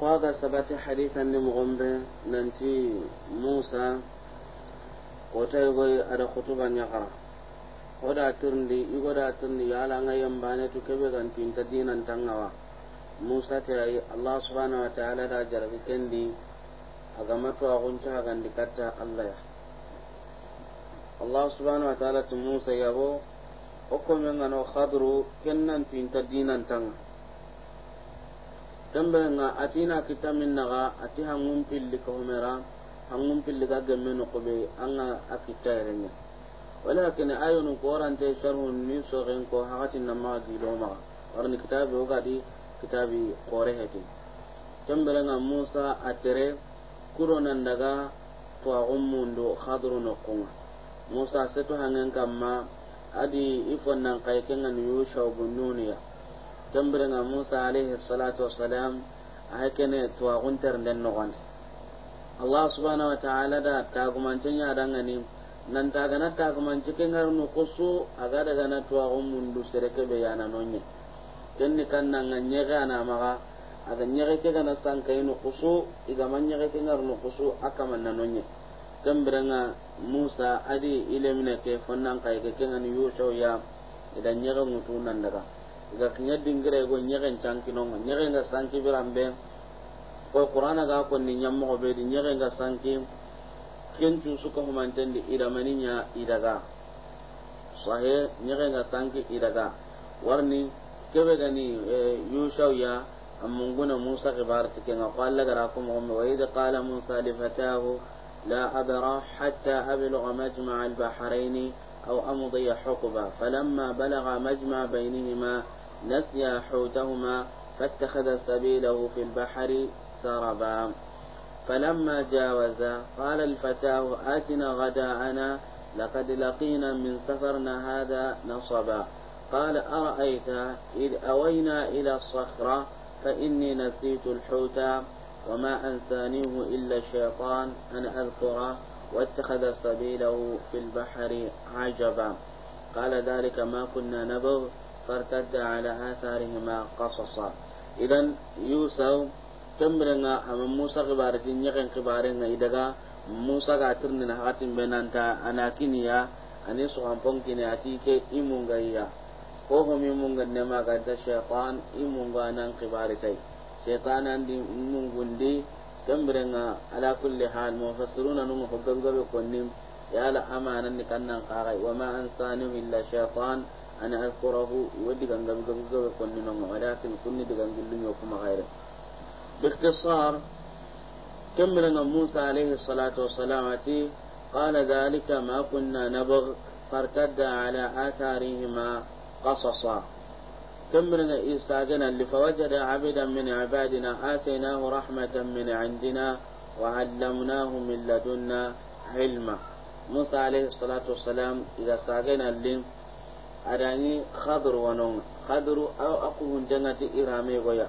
قاغا سبات حديثا لمغنبة ننتي موسى وتيغي على خطبة يقرأ hoda turndi igoda turndi yala nga yambane to kebe gan tinta dinan tangawa musa ta yi allah subhanahu wa ta'ala da jarabi kendi aga mato agun ta gan dikatta allah ya allah subhanahu wa ta'ala to musa yabo o ko men ngano khadru kennan tinta dinan tanga kembenga atina kita min minnaga ati hangum pilli ka humera hangum pilli ka gemme no kobe anga akita yerenya walakin ayunu qorante sharhu ni sogen ko hakatin ma namma gilo ma warni kitabe ogadi kitabi qore heti nga musa atere kuro nan daga to agummundo khadru no kuma. musa seto hangen kamma adi ifon nan kai kenga ni yusha bununiya na musa alaihi salatu wa salam a wassalam ahay kene tuwaxunter nden noxonde allah subhanahu wa taala da tagumance ñadangani nantagana tagumance ke ngarnu xusu aga dagana tuwaxu mundu nan yananoñe kenni kannanga maka a ga nyege ke gana sankayinu xusu igama ñexe aka man xusu a tambare na musa adi ilemine ke fonnan kayke kengani yusau ya idan ida mutu nan daga. ga kinya dingire go nyagen canki non nyagen ga sanki birambe ko qur'ana ga ko ni nyammo go be di nyagen ga sanki kencu suka humantendi idamaninya idaga sahe nyagen ga sanki idaga warni kebe gani yushau ya amunguna musa kibar tike nga qalla gara ko mo wa id qala musa li fatahu la abra hatta ablugha majma' al bahrayn أو أمضي حقبا فلما بلغ مجمع بينهما نسيا حوتهما فاتخذ سبيله في البحر سربا فلما جاوزا قال الفتاه آتنا غداءنا لقد لقينا من سفرنا هذا نصبا قال أرأيت إذ أوينا إلى الصخرة فإني نسيت الحوت وما أنسانيه إلا الشيطان أن أذكره واتخذ سبيله في البحر عجبا قال ذلك ما كنا نبغ فارتد على آثارهما قصصا إذن يوسف تمرنا أما موسى قبارتين يقن قبارنا إذا موسى قاترنا نحاتم بينانتا أنا كنيا أني سوهمبون كنيا تيكي إمونغايا كوهم إمونغا نما قد الشيطان إمونغا نان قبارتين شيطان عندي إمونغندي تمرنا على كل حال مفسرون نمو حقا قبقوا كنم يا لأمانا نكنا قاغي وما أنسانه إلا شيطان أنا أذكره كان قبل قبل قبل كل نوم ولكن كل دقن قل يوكم غيره باختصار لنا موسى عليه الصلاة والسلام قال ذلك ما كنا نبغ فارتد على آثارهما قصصا كمل اللي لفوجد عبدا من عبادنا آتيناه رحمة من عندنا وعلمناه من لدنا علما موسى عليه الصلاة والسلام إذا استاذنا اللي adani khadru wanonga khadru aw akuhun jangati irame goya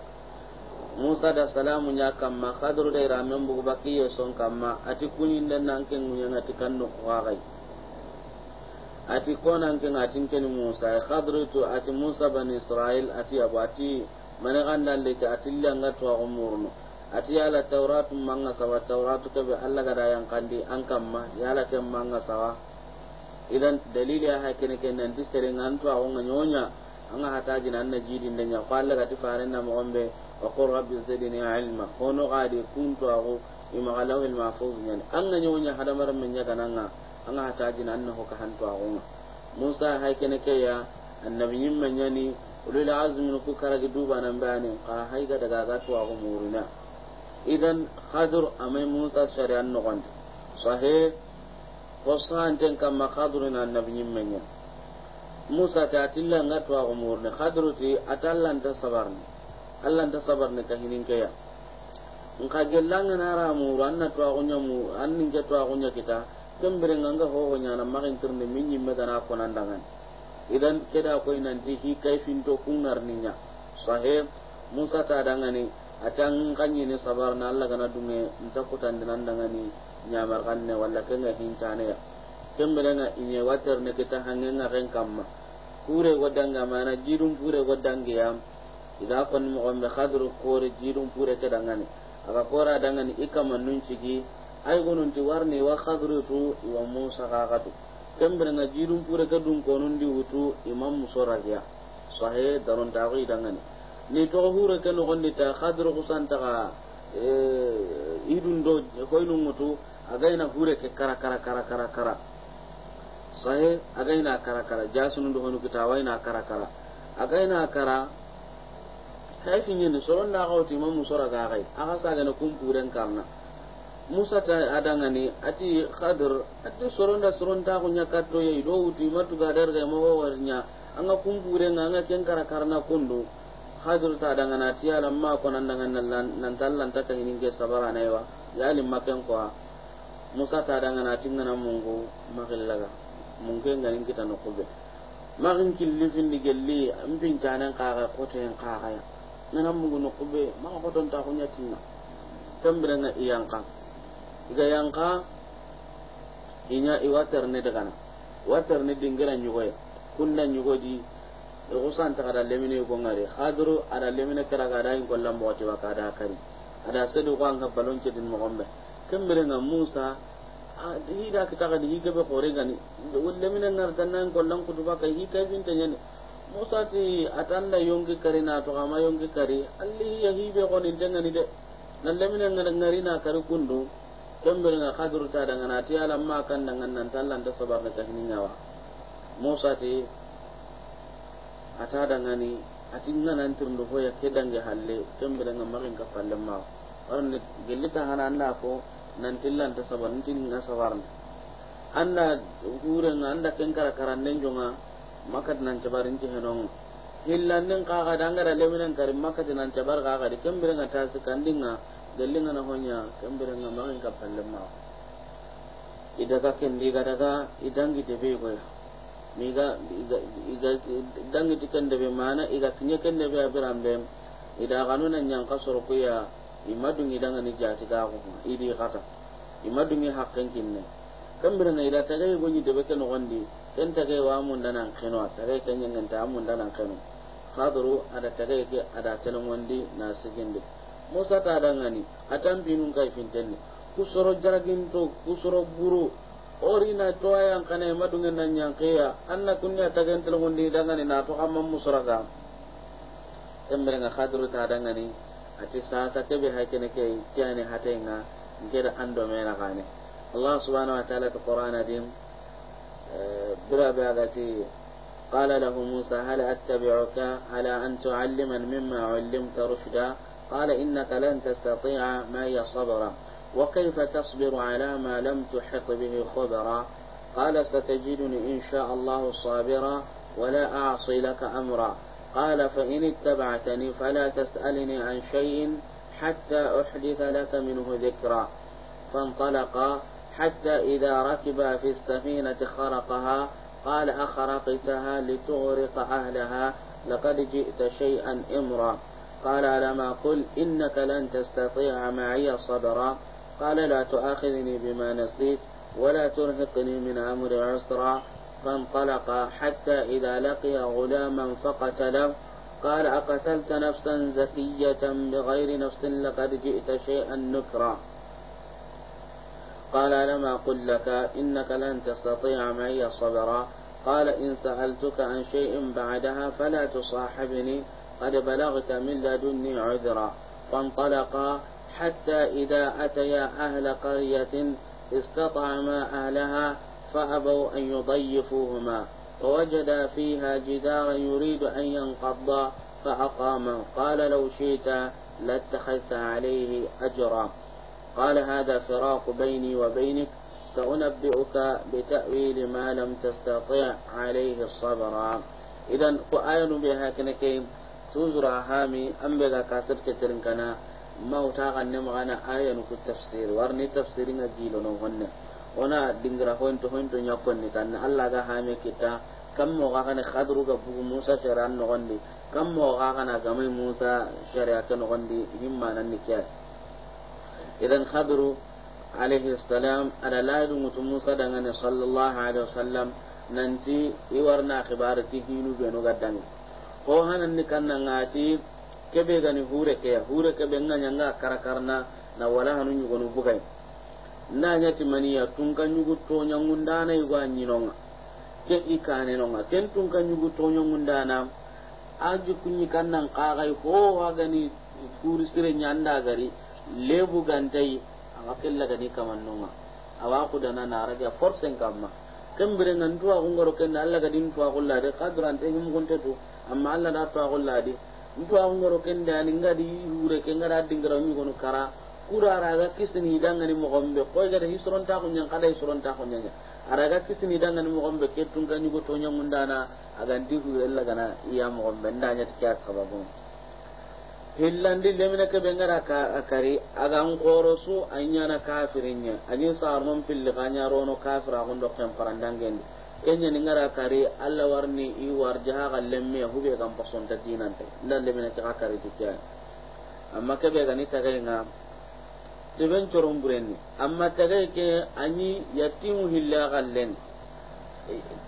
musa da salamu nya kamma khadru da irame mbugu bakiyo son kamma ati kunin den nan ken ngunya ngati kanno wagai ati konan ken atin ken musa khadru tu ati musa bani israil ati abati mane gandal le ta ati langa to umurno ati ala tawratu manga sawa tawratu ka be Allah gada yang kandi an ya yala ken manga sawa idan dalili ha kene ken nan ti sereng nan to awon nyonya an ha ta nan an najidin nan ya kwalla ga ti faran na mu'ambe wa qur rabbi zidni ilma kono qadi kuntu ahu ima galaw al mahfuz nyen an nyonya hada mar men nya kananga an ha ta jina an ho ka han to awon musa ha kene ke ya annabiyin man yani ulul azmi ku karagi duba nan bani ka ga daga ga to awon muruna idan khadur amai musa shari'an no gonde sahih wasanten kamma kadruna annabi ñimmenya musa ta atilla nga tuwa ne kadru ti atallanta sabarni allanta sabarni ka hininkeya nka gellanga nara muru anna tuwa kunya mu anninke tuwa kunya kita kembere nga nga hoho nyana makin tirni min ñimme gana konandangan idan keda koy nanti hi kayfinto kungarninya sahe musa ta dangani atan ne kanyini sabarna allah gana dunge ntakutandinandangani wala nga hincane ya hincaneya kembelenga inye ne kita hangenga ren kamma kure wadanga mana kure wadanga ya ida kon khadru kure jirum kure pure dangane aga kora dangane ikama nun cigi ay ti warne wa khadru tu wa musa jirum kure ke pure konun di wutu imam musoragiya sahe darontaku dangane ni to hure ke nogondita hadru kusantaga eh, idun do mutu. aga ina hure ke kara kara kara kara kara sahe aga ina kara kara jasunu do honu kitawa na kara kara aga ina kara kaifi nyen soron da gauti man musora ga gai aga saga na kumpuren karna musa ta adanga ni ati khadir ati soron da soron ta kunya katto yayi do uti matu ga dar ga mawo warnya anga an ga ken kara na kondo hadur ta daga na tiya lamma ko nan daga nan nan tallan ta kan ninge sabara ne wa yali ken ko musa ta da ngana tinga na mungu magillaga mungu ngarin kita no kube magin killi di gelli mpin canan kaga koto en kaga ya nana mungu no maka ma don ta kunya tinga tambira na iyanka iga yanka inya iwa terne daga na watar ne dingara nyugoya kunna nyugodi rusan ta kada lemine ko ngare hadru ada lemine kara kada in kollam bawti wa kada kari ada sedu ko anga balonce din mo gombe kemberenga musa a dihi da kitaka di dihi be kore gani da wolle mina ngar tanan kollan kutuba kai higa binte nyane musa ti atanda yongi kare na to ama yongi kari alli ya hibe ko ni tanga ni de nalle mina ngar ngari na kare kundu kemberenga kadur ta daga na ti alam ma kan dangan nan tallan da sabar da kahini nyawa musa ti ata daga ni atin nan turndo hoya kedange halle kemberenga marin ka palle ma warne gelita hanan na ko nan tillan ta saba nan tillan na sabar anda an anda ken kara karanden jonga makat nan jabarin ti hanon hillan nin ka ga danga da leminan kar makat nan jabar ga ga ken birenga ta su kandinga gallinga na honya ken birenga magin ka pallen ma ka kin diga daga idan de be goya miga iga dangi tikan ken de be mana iga kinye ken de be abirambe ida kanuna nyang kasoro kuya imadungi dangani jati gaxuma idi xata imadungi xaqen kinne kambirana ida tagay goñi deɓe ke noxondi ken tagay wa mundanan xeno a tagay yin ñangenta a dana kanu xadru ada tagay ke ada wande na sigindi musa ta dangani a tampinun kay fintenni kusoro to kusoro buru orina toayan kana imadungen na ñankeya anna kunni a tagayen telengondi dangani na to amma musraga kambiranga khadru ta dangani ati sasa kebe hakene ke kyane hatenga ngeda ando mena gane Allah subhanahu wa ta'ala ta Qur'ana dim eh, bira bagati قال له موسى هل أتبعك على أن تعلما مما علمت رشدا قال إنك لن تستطيع معي صبرا وكيف تصبر على ما لم تحط به خبرا قال ستجدني إن شاء الله صابرا ولا أعصي لك أمرا قال فإن اتبعتني فلا تسألني عن شيء حتى أحدث لك منه ذكرا فانطلقا حتى إذا ركبا في السفينة خرقها قال أخرقتها لتغرق أهلها لقد جئت شيئا إمرا قال لما قل إنك لن تستطيع معي صبرا قال لا تؤاخذني بما نسيت ولا ترهقني من أمر عسرا فانطلق حتى إذا لقي غلاما فقتله قال أقتلت نفسا زكية بغير نفس لقد جئت شيئا نكرا قال لما قل لك إنك لن تستطيع معي صبرا قال إن سألتك عن شيء بعدها فلا تصاحبني قد بلغت من لدني عذرا فانطلقا حتى إذا أتيا أهل قرية استطعما أهلها فهبوا أن يضيفوهما ووجد فيها جدارا يريد أن ينقض فأقامه قال لو شئت لاتخذت عليه أجرا قال هذا فراق بيني وبينك سأنبئك بتأويل ما لم تستطع عليه الصبر إذا قائل بها كنكين سوزر هامي أنبغا كاسر كترن كنا ما غنم نمغانا آية في التفسير وارني تفسيرنا جيلنا نوغنه ona dingira honto honto ñakkonni kan allah ga hame kita kam mo ga kana khadru ga bu musa sharan no gondi kam mo ga kana gamai musa sharia kan no gondi himma nan ni kiyas idan khadru alaihi salam ada ladu mutum musa daga ne sallallahu alaihi wasallam nanti iwarna khibar ti hinu be no gaddani ko hanan ni kanna ati kebe gani hure ke hure kebe nganya nga karakarna na wala hanu nyugo no bugai nañati maniya tunka ñugu toñangundana yigoa ñinonga ke i kanenonga ken tunka ñugu toñangundanam a jukuñi kan nan kaxay fo oh, agani kuri sire ñanda gari lebugantayi awa kellagani kamannonga awa kudana naragia forcen kamma ken birenga ntuwaxungoro kenda allagadi ntuwaxulladi kadurante himuguntetu amma allada tuwaxulladi ntuwaxungoro kendeani ngadi yure ke ngada dingirañugonu kara kura raga kisini dangani mogombe koy gada hisron ta kunyan kada hisron ta kunyan araga kisini dangani mogombe ke tunga go tonya mundana aga ndihu ella gana iya mogombe ndanya tikya sababu hillandi lemina ke bengara ka akari aga ngoro su na kafirinya anya sarmon pilli kanya rono kafira do kem parandangen kenya ni ngara akari alla warni i warjaha gallemme hube gam ta dinante ndan lemina ke kari tikya amma ke be gani nga. seben coron burenni amma tage ke anyi yatimu hilla galen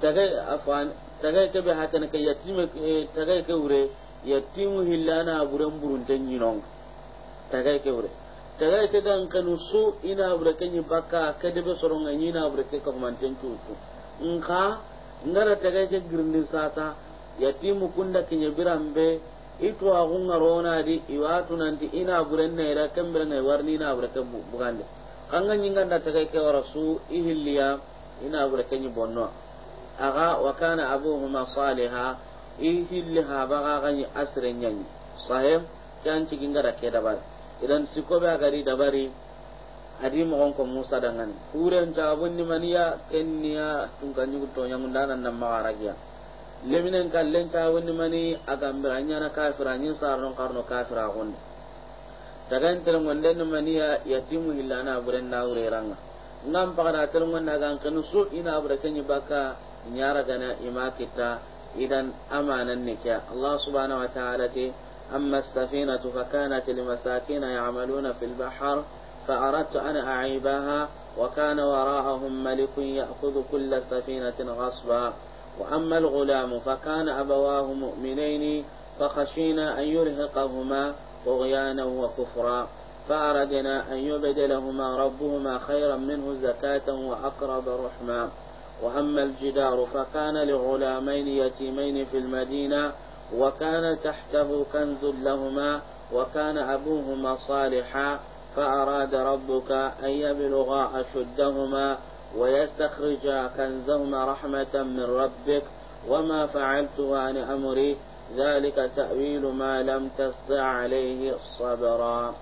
tage afan tage ke be hatana ke yatimu tage ke ure yatimu hilla na buren burun tan yinon tage ke ure tage ke dan kanu su ina bure ke ni baka ke de be soron anyi na bure ke ko man tan tutu nka ngara tage ke girndin sata yatimu kunda kinye birambe ikra gunga rona di iwatu nanti ina burenna ira ne warni ina ke bugande kanga nyinga da kai ke rasu ihilia ina buraka nyi bonno aga wa kana abuhuma saliha ihilliha baga ganyi asre nyanyi sahem kan cikinga da ke dabar idan sikobe agari dabari adi mogon ko musa dangani kuren ta bunni maniya kenniya tungkanyu to nyamundana namma aragiya leminen lenta tawundi mani agambe anyana kafira anyin sarnon karno kafira gonde daga intel gonde ni mani ya yatimu hillana buren na ureranga ngam pagara tel gonde gan kanu su ina bure kenyi baka nyara gana ima kita idan amanan ne kya Allah subhanahu wa ta'ala te amma safinatu fa kanat masakin ya'maluna fil bahr an a'ibaha wa kana wara'ahum malikun ya'khudhu kull safinatin ghasba وأما الغلام فكان أبواه مؤمنين فخشينا أن يرهقهما طغيانا وكفرا فأردنا أن يبدلهما ربهما خيرا منه زكاة وأقرب رحما وأما الجدار فكان لغلامين يتيمين في المدينة وكان تحته كنز لهما وكان أبوهما صالحا فأراد ربك أن يبلغا أشدهما ويستخرج كنزهما رحمة من ربك وما فعلته عن أمري ذلك تأويل ما لم تستع عليه صبرا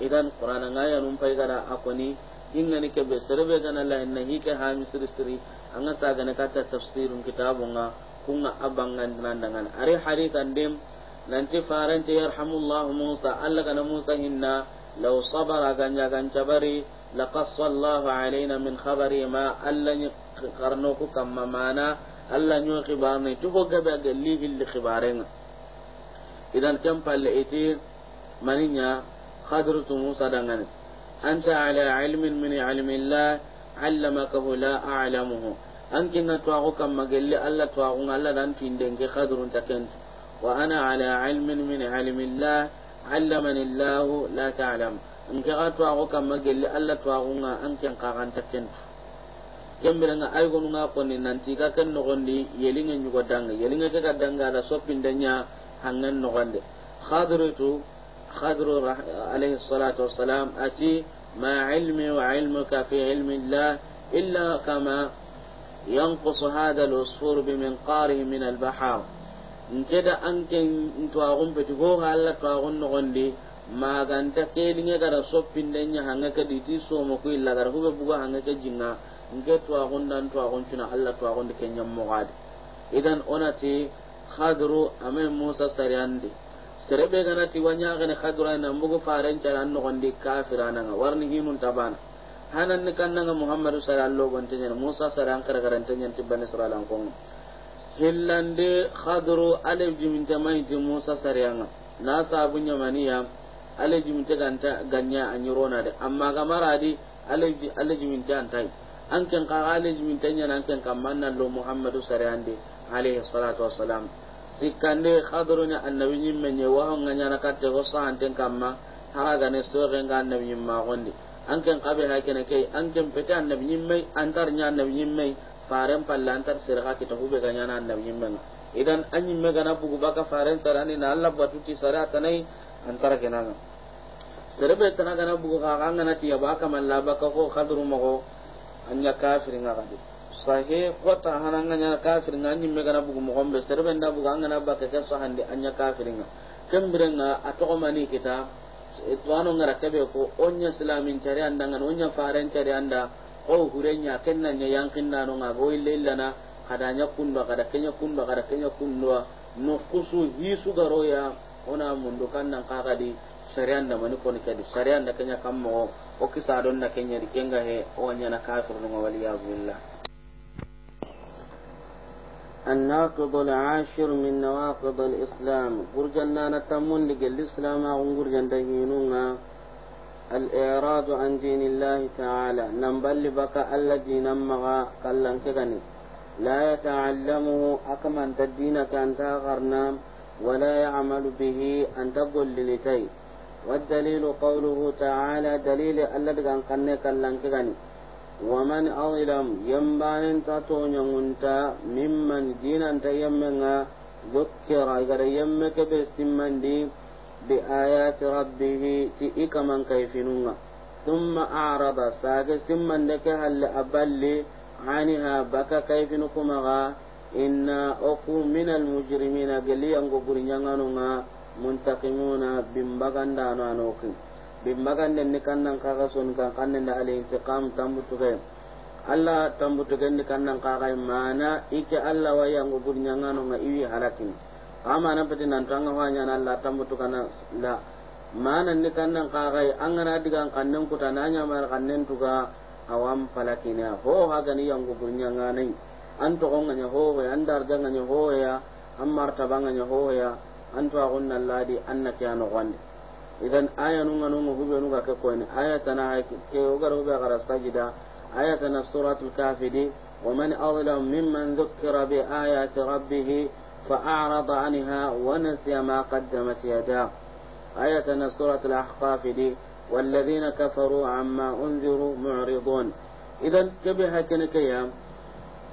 إذا قرآن آية نمفي قد أقني إنني كبه سربي الله إنه كها مسر سري أنا ساقنا كتا تفسير كتابنا كنا أبنغان نندغان أري حديث لانتفار انت يرحم الله موسى alla kana إنا لو صبر sabara ganja ganjabari لقص الله علينا من خبر ما ألا قرنوك كما معنا ألا نيو خبارنا تفو قبع قليه اللي خبارنا إذا كم فالإتي منيا خدرة موسى دنغني أنت على علم من علم الله علمكه لا أعلمه an kinna tuwaku kamma gelli allah tuwaku allah dan tindenke kadrun ta kenti wa ana ala ilmin min ilmillah allamani llahu la ta'lam nke ka twago kamma gelli allah twagunga an nga ay kenta nga ko ni nanti ka ken nogondi yelinge ñugo danga danga da sopin dangada soppindeña hangen nogonde khadritu khadru alayhi salatu wassalam ati ma ilmi wa ilmuka fi ilmi llah illa kama ينقص هذا العصفور بمنقاره من البحر nkeda انكن انتوا peti goxa allah twaxun noxondi maganta kelinge gara den nya hanga ke diti mo ko illa gara hube buga hanga ke jinna nge to agon dan to agon tuna Allah to agon de kenya mo gadi idan onati khadru ame musa sariyandi serebe gana ti wanya gane khadru na mbugo faran cara no gondi kafirana nga warni hinun tabana hanan ni nga muhammadu sallallahu alaihi wasallam musa saran kar bani sallallahu alaihi wasallam hillande khadru alif jimin tamaiti musa sariyanga na sabunya maniya ala jiminta ganta ganya an yi rona da amma ga maradi ala jiminta antai an kan ka ala jiminta nyana an kan kamman nan lo muhammadu sarande alaihi salatu wassalam sikande khadruna annabi nyimme nye wa nganya na katte go saanten kamma ga ne so renga annabi ma gondi an kan ka be ha ken kai an kan pete annabi nyimme antar nya annabi nyimme faren palla antar sirga to be ganya na annabi nyimme idan an yi magana bugu baka faren tarani na Allah batuti sarata nai antara kenaga terbe tana kana bugo kaga ngana ti aba kamalla ba ka ko kadru mago anya kafir ngaka di sahe kota hananga nya kafir ngani me kana bugo mo be terbe nda bugo ngana ba ka so anya kafir nga kembre nga atoko mani kita etwano ngara kebe ko onya islamin cari anda ngana onya faren cari anda ko hurenya kenna nya yankin anu nano nga go illana kadanya kunda kada kenya kunda kada kenya kunda no kusu hisu garoya ona mundu kan nan kaka di sariyan da mani koni kadi sariyan da kanya kan mo o kisa don na kanya di kenga he o nya na kafir no wali ya billah الناقض العاشر من نواقض الإسلام قرجنا نتمون لقى الإسلام قرجنا دهينونا الإعراض عن دين الله تعالى نمبل بك الذي نمغى قلن كغني لا يتعلمه أكمن تدينك أنت غرنام ولا يعمل به أن تقول لنتي والدليل قوله تعالى دليل الذي كان قنك اللنكغني ومن أظلم ينبان تطون ينتا ممن أنت يمنا ذكر إذا يمك بسمن دي بآيات ربه تئك من كيفنونا ثم أعرض ساك سمن لك هل أبلي عنها بك كيفنكمغا inna oku minal mujrimina geliyango gurñanganonga muntakimuna bimbagandano anokin bimbagandeni kannan kaga soni kan kannende alintiqam tambutuge allah tambutugendi kannan kaga mana ike allah wayango gurñanganonga iwi halakin amana peti nantanga hwanyana allah tambutukana la mananni kannan kaga angana digan kannen kuta nanyamar kannen tuga awan palakina ho hagani yango gurñanganai an togonganya hohoya an darjanganya hohoya an martabanganya hohoya an twagunna ladi an na ke a nogonde idan aya nunga nunga hube nuga ke koyne aya tana ke ogar hube gara sajida aya tana suratul kafiri ومن أظلم ممن ذكر بآيات ربه فأعرض عنها ونسي ما قدمت يداه آية سورة الأحقاف دي والذين كفروا عما أنذروا معرضون إذا كبه كنكيام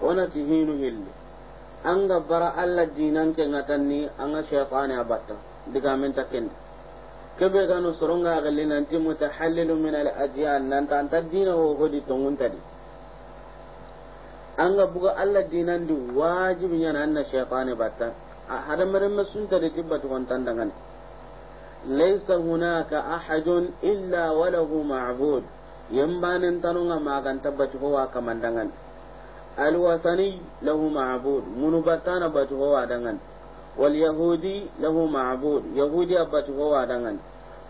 onati hinu hilli anga bara alla dinan ke ngatanni anga shaytani abatta diga men takendi kebe ganu soronga galli nanti mutahallilu min al ajyan nan ta anta ho hodi tongun tadi anga buga alla dinan du wajibi nan anna shaytani batta ah, hada marama masun tadi tibbatu kon tandangan laysa hunaka ahadun illa wa lahu ma'bud yambanin tanunga magan tabbatu ho wa kamandangan الوثني له معبود من بطان باتغوا دنغن واليهودي له معبود يهودي باتغوا دنغن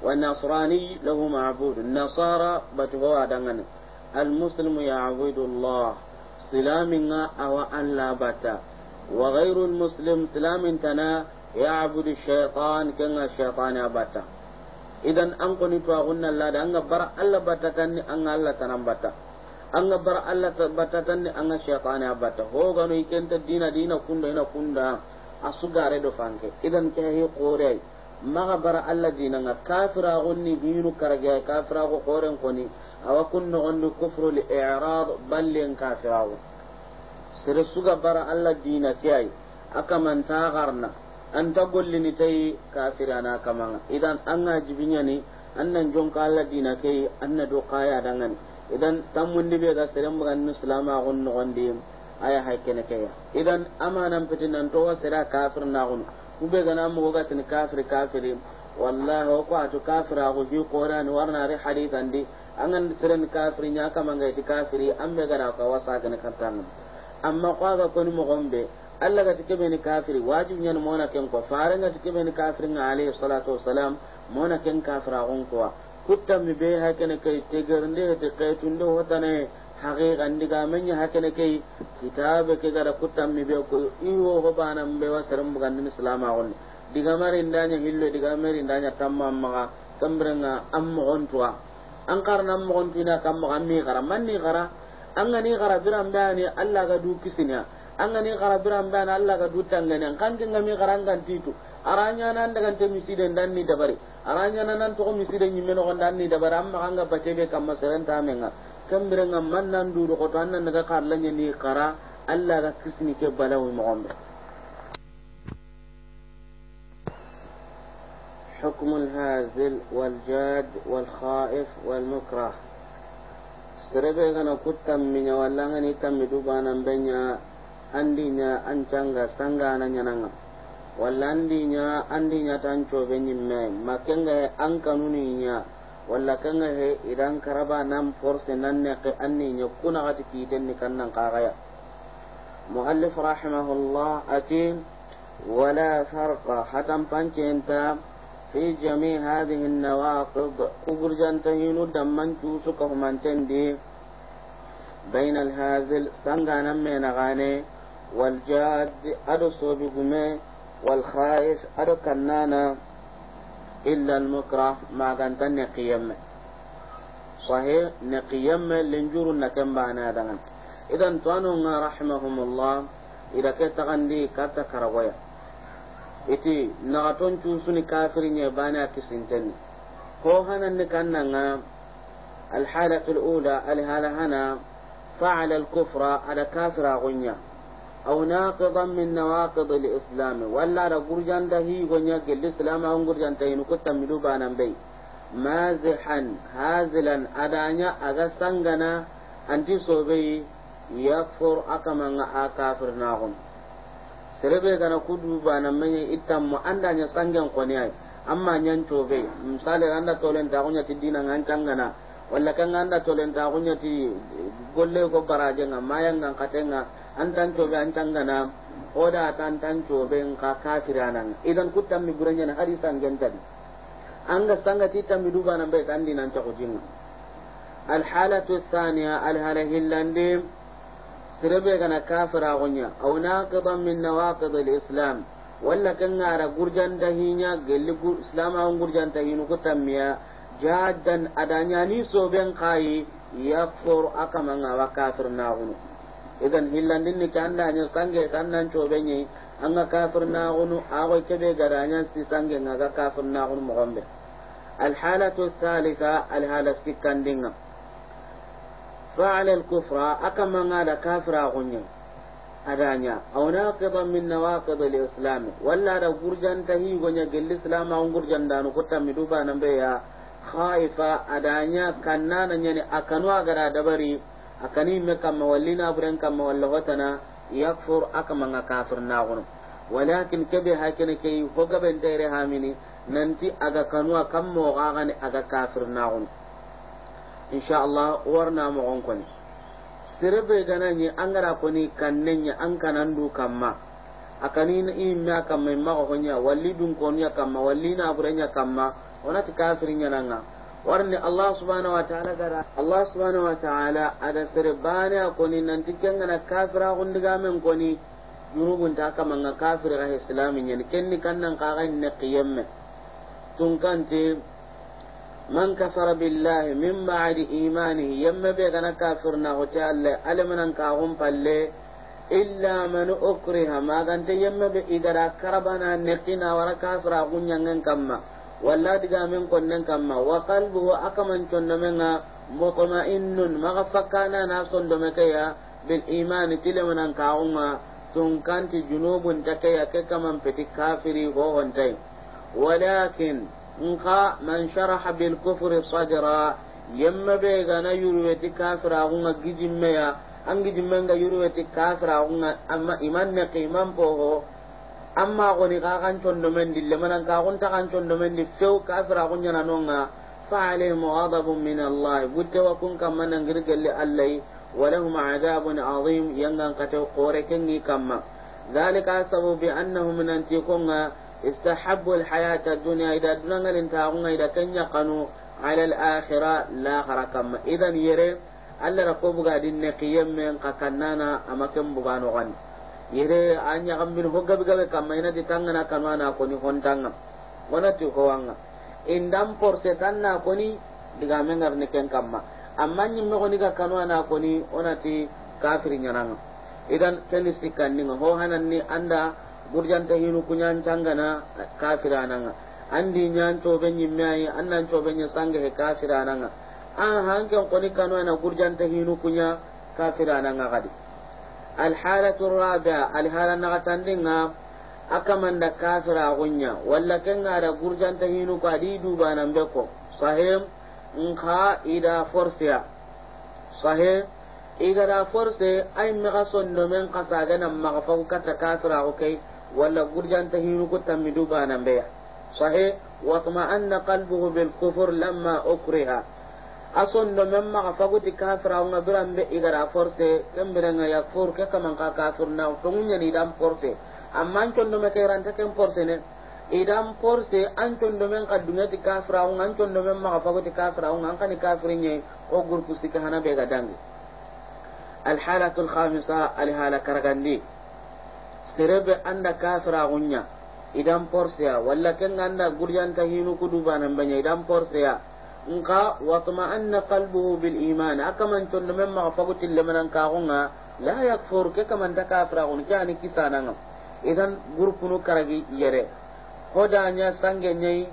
والنصراني له معبود النصارى باتغوا دنغن المسلم يعبد الله سلامنا أو أن لا بتا وغير المسلم سلامنا تنا يعبد الشيطان كما الشيطان بتا إذا أنقني تواغن الله دنغ برا ألا بتا كان أن الله تنبتا ga bar Allah tabbata ne an shaytan ya batta ho gano ta dina dina kunda ina kunda gare do fanke idan ke he qore ga bar Allah dina nga kafira gunni binu karage kafira go qoren koni awa kunno gonni kufru li i'rad ballin kafira go su ga bar Allah dina kiyai aka ta garna ni gollini tayi na kamanga idan an ga jibinya ni annan jonka Allah dina kai annado do kaya idan tammundi dibe ga serem gan nu salama gon aya kene kaya idan amanan fitinan to da kafir na gon kube ga namu ga tin kafir kafiri wallahi o ko atu kafira go hi qur'an warna ri hadisan di kafiri nya kama ga kafiri ambe ga ka wasa ga katan amma kwa ga kun mu gombe Allah ga tike ni kafiri wajibi ne mona ken ko faran ga tike ni kafiri alayhi salatu wassalam mona ken kafira gon kuwa. kutam be hakene kay tegerndi heti kaytundi hotane haqiqa ndigamenye hakene kay kitabe ke gara ni be ko iwo ho banam be wa serem bugandini selama oni. ndanya hillo digamari ndaña tamma maxa kambirenga on tuwa an karna on moxontuina kam maxa mi gara man ni gara an gani xara biran be allah ga du kisinya an gani xara biran be allah ga du tangene an kan kenga mi xara an aranya nan daga ta misiden dan ni bare aranya nan nan to misiden nyimme no dan ni bare amma bace batebe kam masaran ta menga kambira ngam man nan duru ko to nan daga karlanya ni kara Allah ga kisni ke balawi mu'amma حكم الهازل والجاد والخائف والمكره serebe gana ku tamminya walla ngani tammi dubana benya andinya ancanga sangana nyananga walla andi nya andi nya tan cobe nyimme makenga he an kanuni nya walla kanga he idan karaba nan force nan ne ke anni nya kuna gati kiten ni kannan kagaya muallif rahimahullah ati wala farqa hatam pancenta fi jami hadhihi an-nawaqid kubur jantahinu damman cusu ka humantendi بين الهازل سنغانا من غاني والجاد أدو صوبي والخائس أركنانا إلا المكره ما كانت نقيم صحيح نقيم لنجور نكم بانا دغن إذا توانونا رحمهم الله إذا كنت غندي كاتا كرويا إتي نغتون توسوني كافرين يبانا كسنتين هو هنا نكنا الحالة الأولى الهالة هنا فعل الكفر على كافر غنيا aw naqidan min nawaqid al-islam walla da gurjan da hi gonya gel islam an gurjan ta inu kutam midu banan bai mazihan hazilan adanya aga sangana anti sobe yakfur akamanga akafir nahum serebe gana kudu banan manya itam mu andanya sangen koni ai amma nyan tobe misali anda tolen ta gonya tidina ngan cangana walla kan anda tolen ta kunya ti golle ko baraje nga mayanga katenga antan to be antan gana oda tan tan to be nga kafiranan idan kutam mi guranya na hari sangen tadi anga sanga ti tam duba na be tan nan ta kujinga al halatu thaniya al halahillandi sirabe kana kafira kunya aw naqidan min nawaqid al islam walla kan ra gurjan dahinya gelli islam aw gurjan tahinu miya jaddan kai soben kayi aka akamanga wa kafir hunu idan din ni da nya sange kannan an ga kafir go ke be garanya si sange ga kafir halas fi الحالة الثالثة الحالة al kufra aka أكما da kafira أغنين adanya aw naqida min nawaqid al-islam walla da gurjan tahi gonya gel islam an gurjan danu ko tammi duba nan be ya khaifa adanya kannana nyani akanu agara dabari akani me kamma wallina buren kamma walla yakfur akama nga kafir nagono walakin kabe hakene kei hoga ben tere hamini nanti aga kanwa kammo gagani aga kafir nagono insha Allah warna mo onkon sirbe gananyi angara koni kannenya an du kamma akani imme kamma ma honya walli dun konya kamma wallina buranya kamma onati kafirin yananga warni allah subhanahu wa ta'ala gara allah subhanahu wa ta'ala ada sere bane akoni nanti kengana kafira gundiga men koni jurubun ta kama nga kafir ga islamin yan kenni ka ga ne qiyamme tun te man kafara billahi min ba'di imanihi yamma be kana kafir na hoti Allah alamanan ka hun palle illa man ukriha ma gante yamma be idara karabana ne qina kafira gunyangan kamma walla diga min konnen kamma wa qalbuhu akaman condo menga innun maga fakkana na sondo mekeya bil iman tilemanan kaunga tun kanti junubun takeya ke kaman peti kafiri ho hontai walakin nka man sharaha bil kufri sadra yemma be gana yurweti kafira hunga gijimmeya an gijimmenga yurweti kafira hunga amma iman ne qiman poho amma goni ka kan condo men dille manan ka kun ta kan condo men di few kafira kun yana nonga fa alaihim ghadabun min allah butte wa kun kam manan girgelle allah wa lahum adabun azim yangan kata qore kenni kamma zalika sabu bi annahum min antikunga istahabbu alhayata ad-dunya ida dunangal intaqunga ida kenya kanu ala al-akhirah la kharakam idan yere allah rakobuga dinne qiyam men kakannana amakem bugano gani yere anya gambin ho gabe gabe kamma ina di na kanwa na ko ni tanga wana ti ko wanga indam porse tanna ko ni diga mengar ne ken kamma amma nyi me ko ni ga kanwa na ko ni ti kafiri nyananga idan ken sikkan ni ho hanan ni anda burjan ta hinu kunyan na kafira nanga andi nyan to be nyi mai annan to be nyi sanga he kafira nanga an hanke ko ni kanwa na burjan ta hinu kunya kafira nanga kadi الحالة الرابعة الحالة a أكمن كافر أغنيا ولا كان على قرجان تهينو قديدو بانا بكو صحيح nka ida forsiya sahe igada forse ay maga sondo men kasa gana maga fagu kata kasra okay wala gurjan tahinu ko tammi duba nan be sahe wa tma anna qalbuhu bil ason do men ma faguti kafira nga birambe igara forte kembere nga ya for ke kaman ka kafir na to ni dam forte amma an condo me ran ranta forte ne idam forte an condo men ka ti kafira nga an condo men ma faguti kafira nga an kan kafirinye o gurpu sikahana be ga dangi الحالة الخامسة الهالة كرغندي سرب أن كافر غنيا إدام بورسيا ولا كان عند غريان كهينو كدوبان بنيا إدام بورسيا nka watma'anna qalbuhu bil iman akaman ton men ma fagutil lemanan ka gunga la yakfur ke kaman ta kafra gon kisana kisananga idan gurpunu karagi yere hodanya sange nyai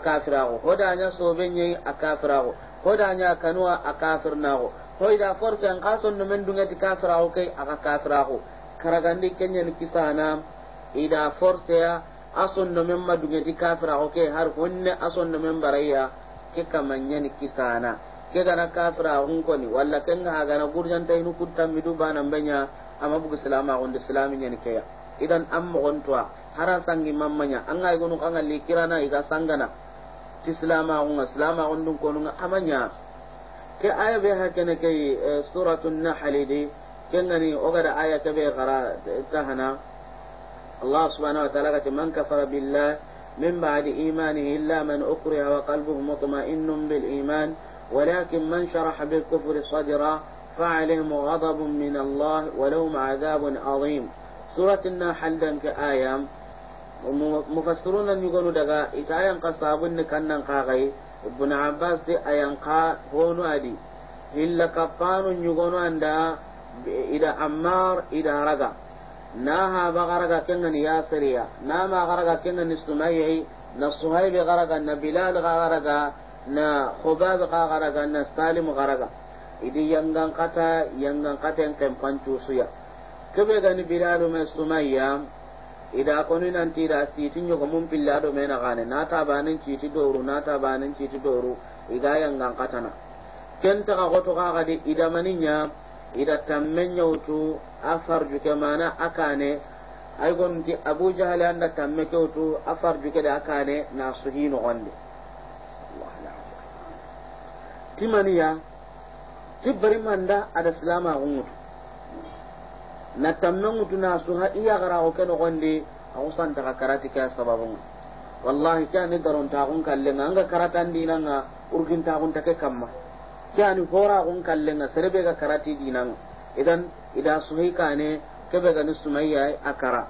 fara go hodanya sobe nyai fara go hodanya kanwa akafirna go hoida forse an kaso no men dunga ti kafira go kai aka kafira go karagandi kenya ni kisana ida forse ya ason no men madunga ti kafira go kai har honne aso no baraya ke kamanya ni kisana ke gana kafira hun ko ni walla ken ga gana gurjan tay nu kuttam mi du bana mbenya amma bugu salama on de salami ni ya idan am on tuwa haran sangi mamanya an ga gonu kan ali kirana iga sangana ti salama on salama on dun ko nun amanya ke aya be ha kene ke eh, suratul nahl de ken gani o da aya ke be gara eh, ta hana Allah subhanahu wa ta'ala ka man kafara billah من بعد إيمانه إلا من أكره وقلبه مطمئن بالإيمان ولكن من شرح بالكفر صدرا فعليهم غضب من الله ولهم عذاب عظيم سورة النحل دنك آيام مفسرون أن يقولوا دقا إتا قصابن كنن قاغي ابن عباس دي آيان قا هونو أدي إلا كفان يقولوا أن دا إذا أمار إذا رقا naha bagaraga kengani yasiriya nama garaga kengani sumayi na suhaibi garaga na bilal garaga na khubab garaga na salim garaga idi yangan kata yangan kata yang kempan cusuya kebe gani bilal me sumayya ida koni nanti da siti nyoko mun pillado me na gane na ta banin citi doru na ta banin citi doru ida yangan katana kenta ka goto ga gadi ida ida tamme yautu a farjuke mana akane ay gomti abu an da tamme kewtu a farjuke da ne na su suhi nogonde timaniya ti manda a da silama mutu na tamme mutu na haɗi ya gara ko nogonde a usanta ka karati kya sababin wallahi kani daron ta gun an ga karatan dinanga urgin ta gun take kamma yani hora kalle na serebe ga karati dinan idan ida suhi kane kebe ga nusumayya akara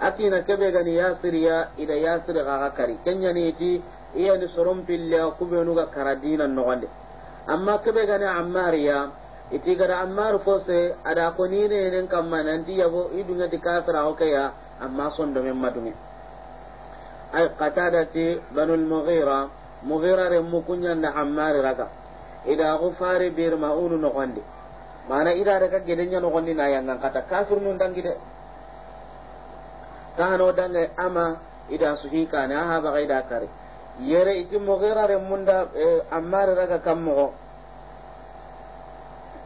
na kebe ga ni yasir ya ida yasir ga ga kari kenya ne ti iya ni soron pilla kube nu ga karadina no wande amma kebe ga ni ya iti ga ammar ko se ada ko ni ne nen kamma nan ti yabo idunga ti kasra hokaya amma son do men madunga ay qatadati banul mughira mughira re mukunya na ammar raga ida ko fare ber ma unu no gonde mana ida daga gedenya no gonde na yang kata kafir nun dangi de tano dange ama ida suhi kana ha ba ida kare yere iti mogira re munda e, amma daga kammo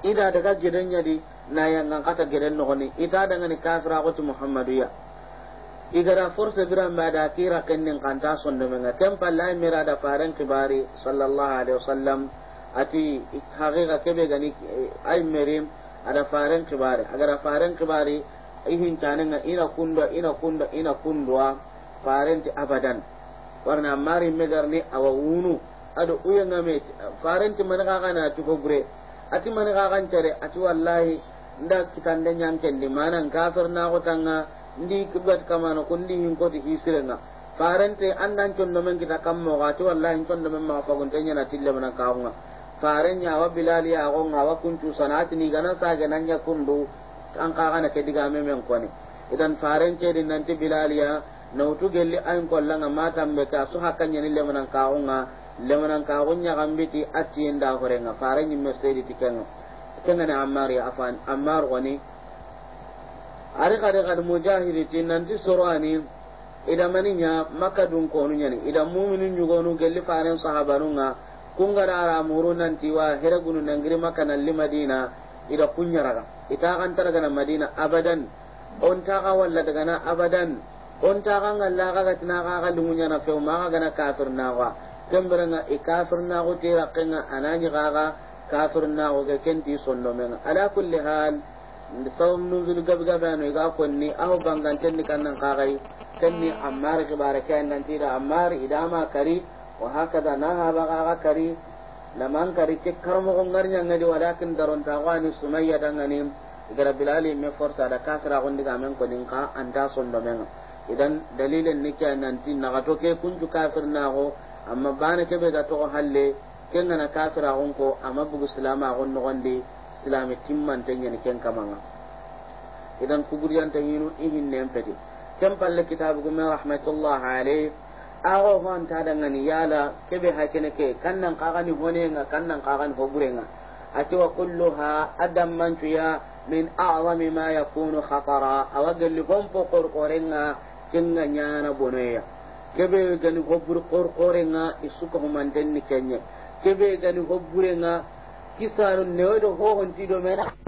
ida daga gedenya di na yang kata geden no gonde ida daga ni kafira ko muhammadu ya igara forse bira ma da kira kennin kanta sonno menga tempa lai mira da faran kibari sallallahu alaihi wasallam ati haqiqa kebe gani ay merim ada faren kibari agar faren kibari ihin tanenga ina kunda ina kunda ina kundwa faren ti abadan warna mari megarni awa wunu ado uyenga me faren ti manaka kana ti gure ati manaka kan tare ati wallahi nda kitande nyankendi manan kafir na ko tanga ndi kibat kamano kundi hin ko ti hisirenga faren ti andan chondo men kita kammo ati wallahi chondo men ma fagunte nyana tille manan kaunga faren ya wa bilali ya gon hawa kuncu sanati ni ganan sa ganan ya kundu an ka gana ke diga me men kone idan faren ke din nan ti ya na nautu gelli an ayin kollanga matan be ka su hakanya ni le lemanan ka gonga lemanan ka gon gambi ti atti inda hore nga faren ni mesti di tikeng kenga ni ammar ya afan ammar wani ari kare kare mujahidi ti nan ti sorani ida maninya maka dun konu ni idan mu'minin yugo nyugonu gelli faren sahabanunga kungara ara murunan tiwa hera gunu nangiri makana li madina ida kunyaraga ita kan taraga na madina abadan on ta ga walla daga na abadan on ta ga ngalla ga tina ga ga dumunya na fe ma ga na kafir na wa kambiranga e kafir na go tira kenga anani ga ga kafir na go ga kenti sonno men ala kulli hal sawm nuzul gab gabano ga konni aw banganten ni ka kagai tanni ammar ke baraka nan tira ammar idama kari wa hakada naha baga ga kari laman kari ke karmo ngar nyanga di walakin daron tawani sumayya dangani igara bilali me forsa da kasra gondi ga men ko din ka anda sondo men idan dalilin nike nanti naga to ke kunju kafir na go amma ba na ke be ga to halle kenga na kafira gon ko amma bugu silama gon no gonde silami timman tanya ni ken kamanga idan kuburiyan tanyinu ihin nempedi kem palle kitabu gumma rahmatullah alayhi awo hon ta daga ni yala kebe hakene ke kannan kagani nga kannan kagani nga ati wa kulluha adam man tuya min a'zami ma yakunu khatara awagalli gompo nga kinga nyana bonoya kebe gani hobure hobur korkorenga man humantenni kenye kebe gani hobure nga hoburenga kisanu newedo hohontido mena